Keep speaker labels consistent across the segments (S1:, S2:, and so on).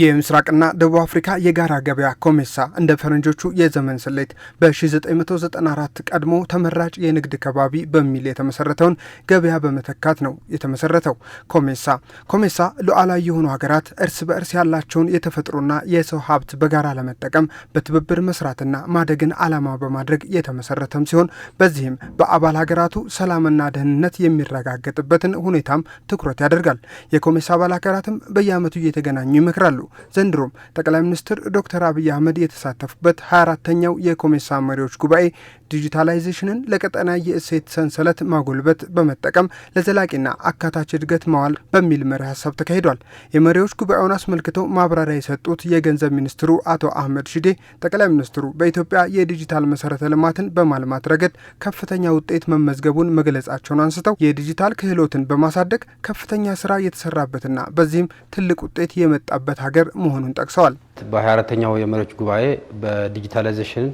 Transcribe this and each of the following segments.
S1: የምስራቅና ደቡብ አፍሪካ የጋራ ገበያ ኮሜሳ እንደ ፈረንጆቹ የዘመን ስሌት በ1994 ቀድሞ ተመራጭ የንግድ ከባቢ በሚል የተመሰረተውን ገበያ በመተካት ነው የተመሰረተው። ኮሜሳ ኮሜሳ ሉዓላዊ የሆኑ ሀገራት እርስ በእርስ ያላቸውን የተፈጥሮና የሰው ሀብት በጋራ ለመጠቀም በትብብር መስራትና ማደግን ዓላማ በማድረግ የተመሰረተም ሲሆን በዚህም በአባል ሀገራቱ ሰላምና ደህንነት የሚረጋገጥበትን ሁኔታም ትኩረት ያደርጋል። የኮሜሳ አባል ሀገራትም በየዓመቱ እየተገናኙ ይመክራሉ። ይገኛሉ። ዘንድሮም ጠቅላይ ሚኒስትር ዶክተር አብይ አህመድ የተሳተፉበት 24ተኛው የኮሜሳ መሪዎች ጉባኤ ዲጂታላይዜሽንን ለቀጠና የእሴት ሰንሰለት ማጎልበት በመጠቀም ለዘላቂና አካታች እድገት ማዋል በሚል መሪ ሀሳብ ተካሂዷል። የመሪዎች ጉባኤውን አስመልክቶ ማብራሪያ የሰጡት የገንዘብ ሚኒስትሩ አቶ አህመድ ሽዴ፣ ጠቅላይ ሚኒስትሩ በኢትዮጵያ የዲጂታል መሰረተ ልማትን በማልማት ረገድ ከፍተኛ ውጤት መመዝገቡን መግለጻቸውን አንስተው የዲጂታል ክህሎትን በማሳደግ ከፍተኛ ስራ የተሰራበትና በዚህም ትልቅ ውጤት የመጣበት ሀገር መሆኑን ጠቅሰዋል።
S2: በ24ተኛው የመሪዎች ጉባኤ በዲጂታላይዜሽን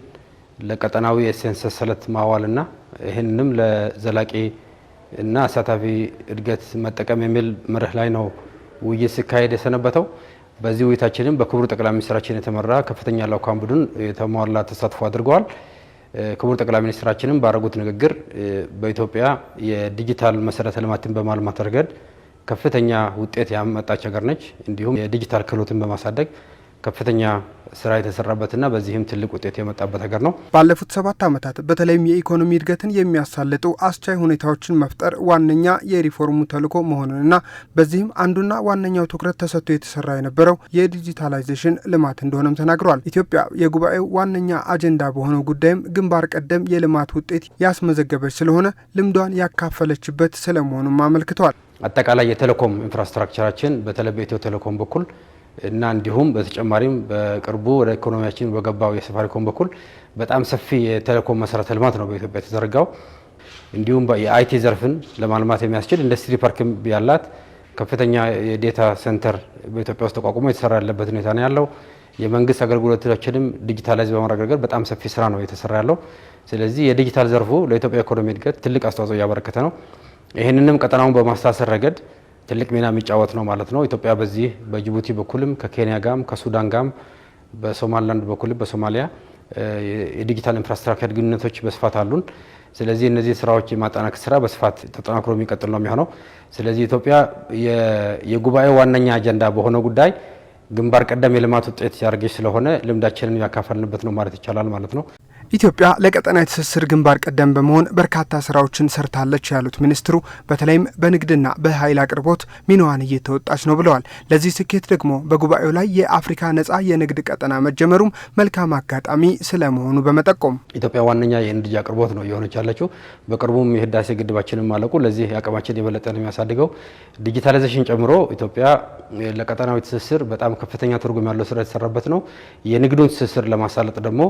S2: ለቀጠናዊ የሴንስ ሰንሰለት ማዋልና ይህንንም ለዘላቂ እና አሳታፊ እድገት መጠቀም የሚል መርህ ላይ ነው ውይይት ሲካሄድ የሰነበተው። በዚህ ውይይታችንም በክቡር ጠቅላይ ሚኒስትራችን የተመራ ከፍተኛ ልዑካን ቡድን የተሟላ ተሳትፎ አድርገዋል። ክቡር ጠቅላይ ሚኒስትራችንም ባደረጉት ንግግር በኢትዮጵያ የዲጂታል መሰረተ ልማትን በማልማት ረገድ ከፍተኛ ውጤት ያመጣች ሀገር ነች። እንዲሁም የዲጂታል ክህሎትን በማሳደግ ከፍተኛ ስራ የተሰራበትና በዚህም ትልቅ ውጤት የመጣበት ሀገር ነው።
S1: ባለፉት ሰባት ዓመታት በተለይም የኢኮኖሚ እድገትን የሚያሳልጡ አስቻይ ሁኔታዎችን መፍጠር ዋነኛ የሪፎርሙ ተልዕኮ መሆኑንና በዚህም አንዱና ዋነኛው ትኩረት ተሰጥቶ የተሰራ የነበረው የዲጂታላይዜሽን ልማት እንደሆነም ተናግረዋል። ኢትዮጵያ የጉባኤው ዋነኛ አጀንዳ በሆነው ጉዳይም ግንባር ቀደም የልማት ውጤት ያስመዘገበች ስለሆነ ልምዷን ያካፈለችበት ስለመሆኑም አመልክተዋል።
S2: አጠቃላይ የቴሌኮም ኢንፍራስትራክቸራችን በተለይ በኢትዮ ቴሌኮም በኩል እና እንዲሁም በተጨማሪም በቅርቡ ወደ ኢኮኖሚያችን በገባው የሳፋሪኮም በኩል በጣም ሰፊ የቴሌኮም መሰረተ ልማት ነው በኢትዮጵያ የተዘረጋው። እንዲሁም የአይቲ ዘርፍን ለማልማት የሚያስችል ኢንዱስትሪ ፓርክ ያላት ከፍተኛ የዴታ ሴንተር በኢትዮጵያ ውስጥ ተቋቁሞ የተሰራ ያለበት ሁኔታ ነው ያለው። የመንግስት አገልግሎቶችንም ዲጂታላይዝ በማረጋገጥ በጣም ሰፊ ስራ ነው የተሰራ ያለው። ስለዚህ የዲጂታል ዘርፉ ለኢትዮጵያ ኢኮኖሚ እድገት ትልቅ አስተዋጽኦ እያበረከተ ነው። ይህንንም ቀጠናውን በማስተሳሰር ረገድ ትልቅ ሚና የሚጫወት ነው ማለት ነው። ኢትዮጵያ በዚህ በጅቡቲ በኩልም ከኬንያ ጋርም ከሱዳን ጋም በሶማሊላንድ በኩልም በሶማሊያ የዲጂታል ኢንፍራስትራክቸር ግንኙነቶች በስፋት አሉን። ስለዚህ እነዚህ ስራዎች የማጠናከር ስራ በስፋት ተጠናክሮ የሚቀጥል ነው የሚሆነው። ስለዚህ ኢትዮጵያ የጉባኤው ዋነኛ አጀንዳ በሆነ ጉዳይ ግንባር ቀደም የልማት ውጤት ያደርገች ስለሆነ ልምዳችንን ያካፈልንበት ነው ማለት ይቻላል ማለት ነው።
S1: ኢትዮጵያ ለቀጠናዊ ትስስር ግንባር ቀደም በመሆን በርካታ ስራዎችን ሰርታለች ያሉት ሚኒስትሩ በተለይም በንግድና በኃይል አቅርቦት ሚናዋን እየተወጣች ነው ብለዋል። ለዚህ ስኬት ደግሞ በጉባኤው ላይ የአፍሪካ ነጻ የንግድ ቀጠና መጀመሩም መልካም አጋጣሚ ስለመሆኑ በመጠቆም
S2: ኢትዮጵያ ዋነኛ የነዳጅ አቅርቦት ነው የሆነች ያለችው። በቅርቡም የህዳሴ ግድባችንም ማለቁ ለዚህ አቅማችን የበለጠ ነው የሚያሳድገው። ዲጂታላይዜሽን ጨምሮ ኢትዮጵያ ለቀጠናዊ ትስስር በጣም ከፍተኛ ትርጉም ያለው ስራ የተሰራበት ነው። የንግዱን ትስስር ለማሳለጥ ደግሞ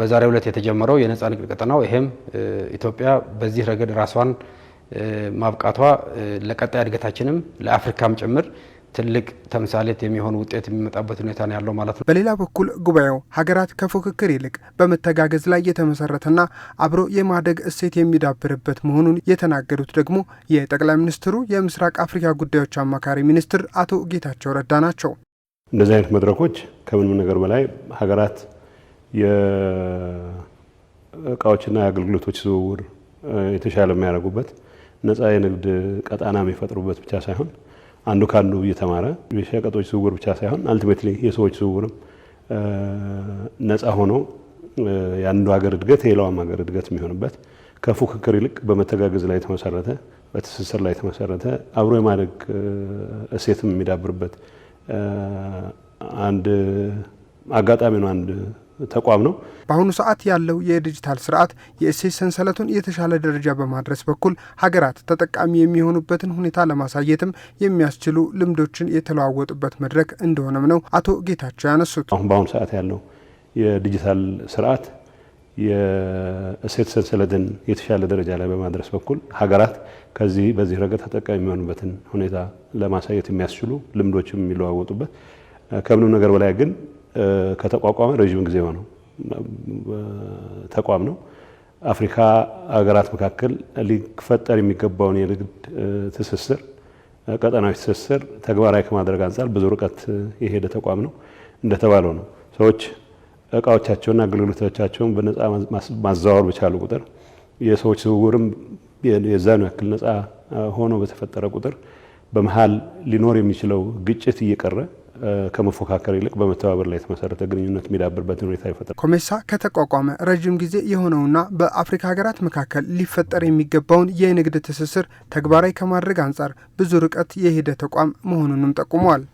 S2: በዛሬ ዕለት የተጀመረው የነፃ ንግድ ቀጠናው ይሄም ኢትዮጵያ በዚህ ረገድ ራሷን ማብቃቷ ለቀጣይ እድገታችንም ለአፍሪካም ጭምር ትልቅ ተምሳሌት የሚሆን ውጤት የሚመጣበት ሁኔታ ነው ያለው ማለት ነው።
S1: በሌላ በኩል ጉባኤው ሀገራት ከፉክክር ይልቅ በመተጋገዝ ላይ የተመሰረተና አብሮ የማደግ እሴት የሚዳብርበት መሆኑን የተናገሩት ደግሞ የጠቅላይ ሚኒስትሩ የምስራቅ አፍሪካ ጉዳዮች አማካሪ ሚኒስትር አቶ ጌታቸው ረዳ ናቸው።
S3: እንደዚህ አይነት መድረኮች ከምንም ነገር በላይ ሀገራት የእቃዎችና የአገልግሎቶች ዝውውር የተሻለ የሚያደርጉበት ነፃ የንግድ ቀጣና የሚፈጥሩበት ብቻ ሳይሆን አንዱ ከአንዱ እየተማረ የሸቀጦች ዝውውር ብቻ ሳይሆን አልቲሜትሊ የሰዎች ዝውውርም ነፃ ሆኖ የአንዱ ሀገር እድገት የሌላውም ሀገር እድገት የሚሆንበት ከፉክክር ይልቅ በመተጋገዝ ላይ የተመሰረተ በትስስር ላይ የተመሰረተ አብሮ የማደግ እሴትም የሚዳብርበት አንድ አጋጣሚ ነው። አንድ ተቋም ነው።
S1: በአሁኑ ሰዓት ያለው የዲጂታል ስርዓት የእሴት ሰንሰለቱን የተሻለ ደረጃ በማድረስ በኩል ሀገራት ተጠቃሚ የሚሆኑበትን ሁኔታ ለማሳየትም የሚያስችሉ ልምዶችን የተለዋወጡበት መድረክ እንደሆነም ነው አቶ ጌታቸው ያነሱት።
S3: አሁን በአሁኑ ሰዓት ያለው የዲጂታል ስርዓት የእሴት ሰንሰለትን የተሻለ ደረጃ ላይ በማድረስ በኩል ሀገራት ከዚህ በዚህ ረገድ ተጠቃሚ የሚሆኑበትን ሁኔታ ለማሳየት የሚያስችሉ ልምዶችም የሚለዋወጡበት ከምንም ነገር በላይ ግን ከተቋቋመ ረዥም ጊዜ ሆነው ተቋም ነው። አፍሪካ ሀገራት መካከል ሊፈጠር የሚገባውን የንግድ ትስስር፣ ቀጠናዊ ትስስር ተግባራዊ ከማድረግ አንጻር ብዙ ርቀት የሄደ ተቋም ነው። እንደተባለው ነው ሰዎች እቃዎቻቸውና አገልግሎቶቻቸውን በነፃ ማዘዋወር በቻሉ ቁጥር የሰዎች ዝውውርም የዛኑ ያክል ነፃ ሆኖ በተፈጠረ ቁጥር በመሀል ሊኖር የሚችለው ግጭት እየቀረ ከመፎካከር ይልቅ በመተባበር ላይ የተመሰረተ ግንኙነት የሚዳብርበትን ሁኔታ ይፈጥራል።
S1: ኮሜሳ ከተቋቋመ ረዥም ጊዜ የሆነውና በአፍሪካ ሀገራት መካከል ሊፈጠር የሚገባውን የንግድ ትስስር ተግባራዊ ከማድረግ አንጻር ብዙ ርቀት የሄደ ተቋም መሆኑንም ጠቁመዋል።